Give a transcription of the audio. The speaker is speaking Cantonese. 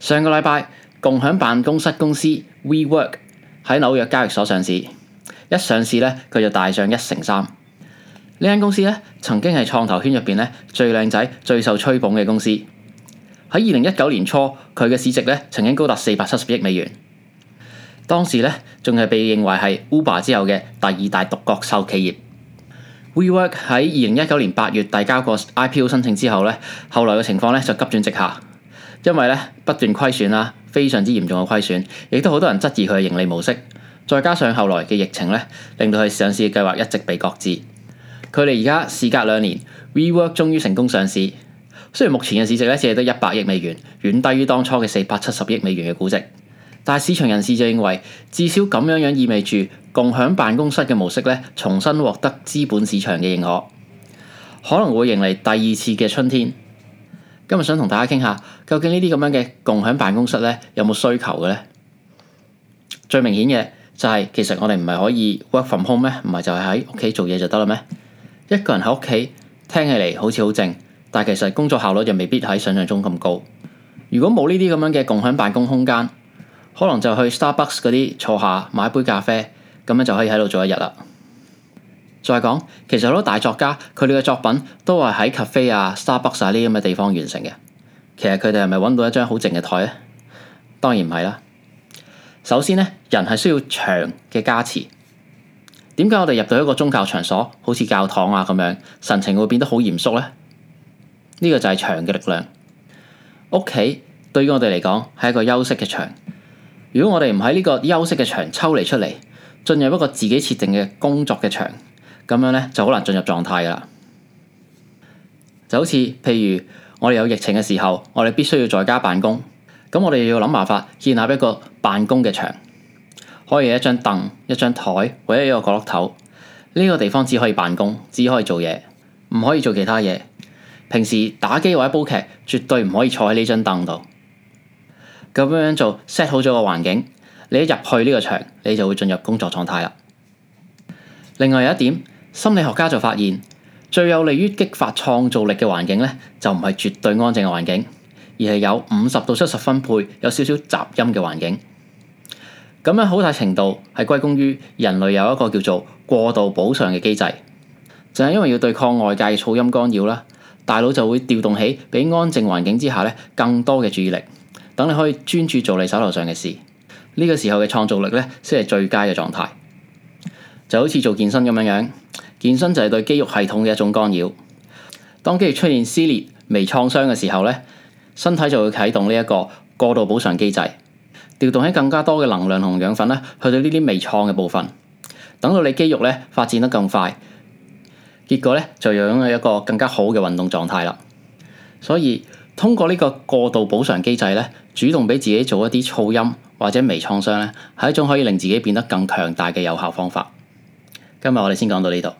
上個禮拜，共享辦公室公司 WeWork 喺紐約交易所上市。一上市咧，佢就大漲一成三。呢間公司咧，曾經係創投圈入邊咧最靚仔、最受吹捧嘅公司。喺二零一九年初，佢嘅市值咧曾經高達四百七十億美元。當時咧，仲係被認為係 Uber 之後嘅第二大獨角獸企業。WeWork 喺二零一九年八月遞交過 IPO 申請之後咧，後來嘅情況咧就急轉直下。因為咧不斷虧損啦，非常之嚴重嘅虧損，亦都好多人質疑佢嘅盈利模式。再加上後來嘅疫情咧，令到佢上市嘅計劃一直被擱置。距離而家事隔兩年，WeWork 終於成功上市。雖然目前嘅市值咧只係得一百億美元，遠低於當初嘅四百七十億美元嘅估值，但係市場人士就認為，至少咁樣樣意味住共享辦公室嘅模式咧，重新獲得資本市場嘅認可，可能會迎嚟第二次嘅春天。今日想同大家傾下，究竟呢啲咁樣嘅共享辦公室咧，有冇需求嘅咧？最明顯嘅就係其實我哋唔係可以 work from home 咩？唔係就係喺屋企做嘢就得啦咩？一個人喺屋企聽起嚟好似好靜，但其實工作效率又未必喺想像中咁高。如果冇呢啲咁樣嘅共享辦公空間，可能就去 Starbucks 嗰啲坐下買杯咖啡，咁樣就可以喺度做一日啦。再講，其實好多大作家佢哋嘅作品都係喺 cafe 啊、Starbucks 啊呢啲咁嘅地方完成嘅。其實佢哋係咪揾到一張好靜嘅台咧？當然唔係啦。首先咧，人係需要場嘅加持。點解我哋入到一個宗教場所，好似教堂啊咁樣，神情會變得好嚴肅咧？呢、這個就係場嘅力量。屋企對於我哋嚟講係一個休息嘅場。如果我哋唔喺呢個休息嘅場抽離出嚟，進入一個自己設定嘅工作嘅場。咁樣呢就好難進入狀態㗎喇，就好似譬如我哋有疫情嘅時候，我哋必須要在家辦公，咁我哋要諗辦法建立一個辦公嘅場，可以有一張凳、一張檯或者一個角落頭，呢個地方只可以辦公，只可以做嘢，唔可以做其他嘢。平時打機或者煲劇絕對唔可以坐喺呢張凳度。咁樣樣做 set 好咗個環境，你一入去呢個場，你就會進入工作狀態喇。另外有一點，心理學家就發現，最有利於激發創造力嘅環境咧，就唔係絕對安靜嘅環境，而係有五十到七十分貝有少少雜音嘅環境。咁樣好大程度係歸功於人類有一個叫做過度補償嘅機制。就係因為要對抗外界嘅噪音干擾啦，大腦就會調動起比安靜環境之下咧更多嘅注意力，等你可以專注做你手頭上嘅事。呢個時候嘅創造力咧先係最佳嘅狀態。就好似做健身咁樣樣。健身就係對肌肉系統嘅一種干擾。當肌肉出現撕裂、微創傷嘅時候咧，身體就會啟動呢一個過度補償機制，調動起更加多嘅能量同養分咧，去到呢啲微創嘅部分。等到你肌肉咧發展得更快，結果咧就擁有一個更加好嘅運動狀態啦。所以通過呢個過度補償機制咧，主動俾自己做一啲噪音或者微創傷咧，係一種可以令自己變得更強大嘅有效方法。今日我哋先講到呢度。